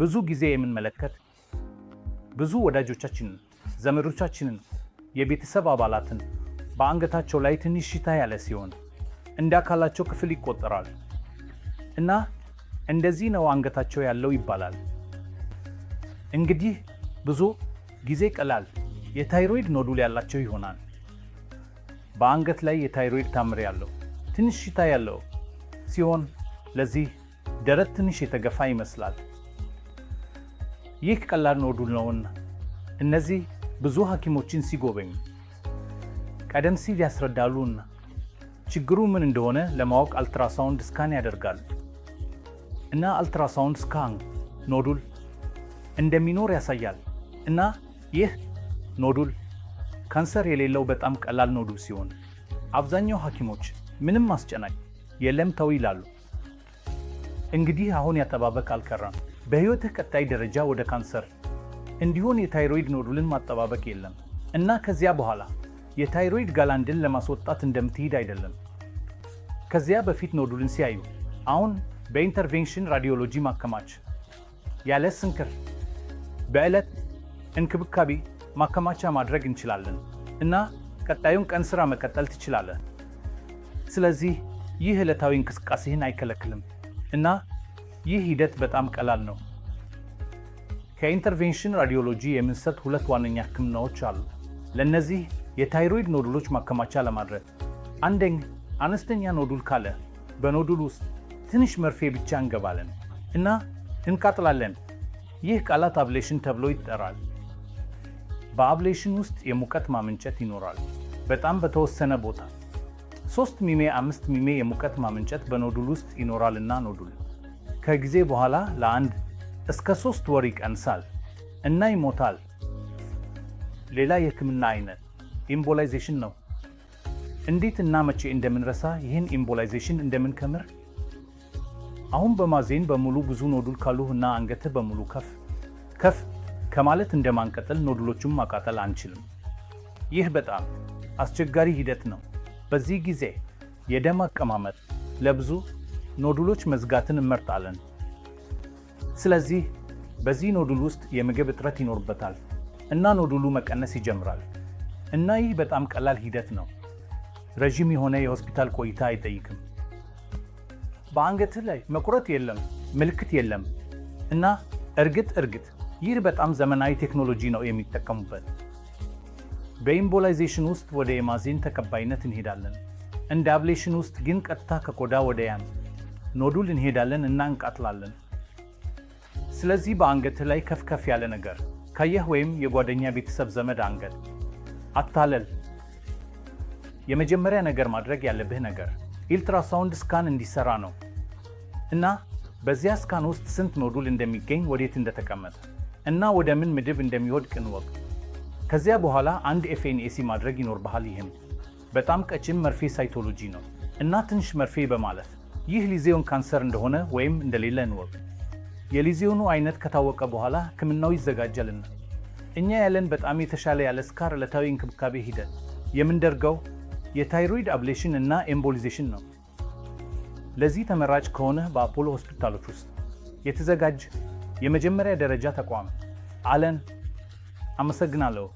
ብዙ ጊዜ የምንመለከት ብዙ ወዳጆቻችንን፣ ዘመዶቻችንን፣ የቤተሰብ አባላትን በአንገታቸው ላይ ትንሽ ሽታ ያለ ሲሆን እንደ አካላቸው ክፍል ይቆጠራል እና እንደዚህ ነው አንገታቸው ያለው ይባላል። እንግዲህ ብዙ ጊዜ ቀላል የታይሮይድ ኖዱል ያላቸው ይሆናል። በአንገት ላይ የታይሮይድ ታምር ያለው ትንሽ ሽታ ያለው ሲሆን ለዚህ ደረት ትንሽ የተገፋ ይመስላል። ይህ ቀላል ኖዱል ነውና እነዚህ ብዙ ሐኪሞችን ሲጎበኙ ቀደም ሲል ያስረዳሉና ችግሩ ምን እንደሆነ ለማወቅ አልትራሳውንድ ስካን ያደርጋሉ እና አልትራሳውንድ ስካን ኖዱል እንደሚኖር ያሳያል እና ይህ ኖዱል ካንሰር የሌለው በጣም ቀላል ኖዱል ሲሆን አብዛኛው ሐኪሞች ምንም አስጨናቂ የለም ተው ይላሉ። እንግዲህ አሁን ያተባበክ አልከረም። በሕይወትህ ቀጣይ ደረጃ ወደ ካንሰር እንዲሆን የታይሮይድ ኖዱልን ማጠባበቅ የለም እና ከዚያ በኋላ የታይሮይድ ጋላንድን ለማስወጣት እንደምትሄድ አይደለም። ከዚያ በፊት ኖዱልን ሲያዩ አሁን በኢንተርቬንሽን ራዲዮሎጂ ማከማች ያለ ስንክር በዕለት እንክብካቤ ማከማቻ ማድረግ እንችላለን እና ቀጣዩን ቀን ሥራ መቀጠል ትችላለህ። ስለዚህ ይህ ዕለታዊ እንቅስቃሴህን አይከለክልም እና ይህ ሂደት በጣም ቀላል ነው። ከኢንተርቬንሽን ራዲዮሎጂ የምንሰጥ ሁለት ዋነኛ ህክምናዎች አሉ። ለእነዚህ የታይሮይድ ኖዱሎች ማከማቻ ለማድረግ አንደኝ አነስተኛ ኖዱል ካለ በኖዱል ውስጥ ትንሽ መርፌ ብቻ እንገባለን እና እንቃጥላለን። ይህ ቃላት አብሌሽን ተብሎ ይጠራል። በአብሌሽን ውስጥ የሙቀት ማመንጨት ይኖራል፣ በጣም በተወሰነ ቦታ 3 ሚሜ 5 ሚሜ የሙቀት ማመንጨት በኖዱል ውስጥ ይኖራል እና ኖዱል ከጊዜ በኋላ ለአንድ እስከ ሶስት ወር ይቀንሳል እና ይሞታል። ሌላ የህክምና አይነት ኢምቦላይዜሽን ነው። እንዴት እና መቼ እንደምንረሳ ይህን ኢምቦላይዜሽን እንደምንከምር አሁን በማዜን በሙሉ ብዙ ኖዱል ካሉ እና አንገት በሙሉ ከፍ ከፍ ከማለት እንደማንቀጠል ኖዱሎቹም ማቃጠል አንችልም። ይህ በጣም አስቸጋሪ ሂደት ነው። በዚህ ጊዜ የደም አቀማመጥ ለብዙ ኖዱሎች መዝጋትን እንመርጣለን። ስለዚህ በዚህ ኖዱል ውስጥ የምግብ እጥረት ይኖርበታል እና ኖዱሉ መቀነስ ይጀምራል እና ይህ በጣም ቀላል ሂደት ነው። ረዥም የሆነ የሆስፒታል ቆይታ አይጠይቅም። በአንገትህ ላይ መቁረጥ የለም፣ ምልክት የለም እና እርግጥ እርግጥ ይህ በጣም ዘመናዊ ቴክኖሎጂ ነው የሚጠቀሙበት። በኢምቦላይዜሽን ውስጥ ወደ የማዜን ተቀባይነት እንሄዳለን። እንደ አብሌሽን ውስጥ ግን ቀጥታ ከቆዳ ወደ ያም ኖዱል እንሄዳለን እና እንቃጥላለን። ስለዚህ በአንገት ላይ ከፍከፍ ያለ ነገር ካየህ ወይም የጓደኛ ቤተሰብ፣ ዘመድ አንገት አታለል። የመጀመሪያ ነገር ማድረግ ያለብህ ነገር ኢልትራሳውንድ ስካን እንዲሰራ ነው እና በዚያ ስካን ውስጥ ስንት ኖዱል እንደሚገኝ፣ ወዴት እንደተቀመጠ እና ወደ ምን ምድብ እንደሚወድቅ እንወቅ። ከዚያ በኋላ አንድ ኤፍኤንኤሲ ማድረግ ይኖርብሃል። ይህም በጣም ቀጭን መርፌ ሳይቶሎጂ ነው እና ትንሽ መርፌ በማለት ይህ ሊዚዮን ካንሰር እንደሆነ ወይም እንደሌለ እንወቅ። የሊዚዮኑ አይነት ከታወቀ በኋላ ህክምናው ይዘጋጃልና እኛ ያለን በጣም የተሻለ ያለ ስካር ዕለታዊ እንክብካቤ ሂደት የምንደርገው የታይሮይድ አብሌሽን እና ኤምቦሊዜሽን ነው። ለዚህ ተመራጭ ከሆነ በአፖሎ ሆስፒታሎች ውስጥ የተዘጋጀ የመጀመሪያ ደረጃ ተቋም አለን። አመሰግናለሁ።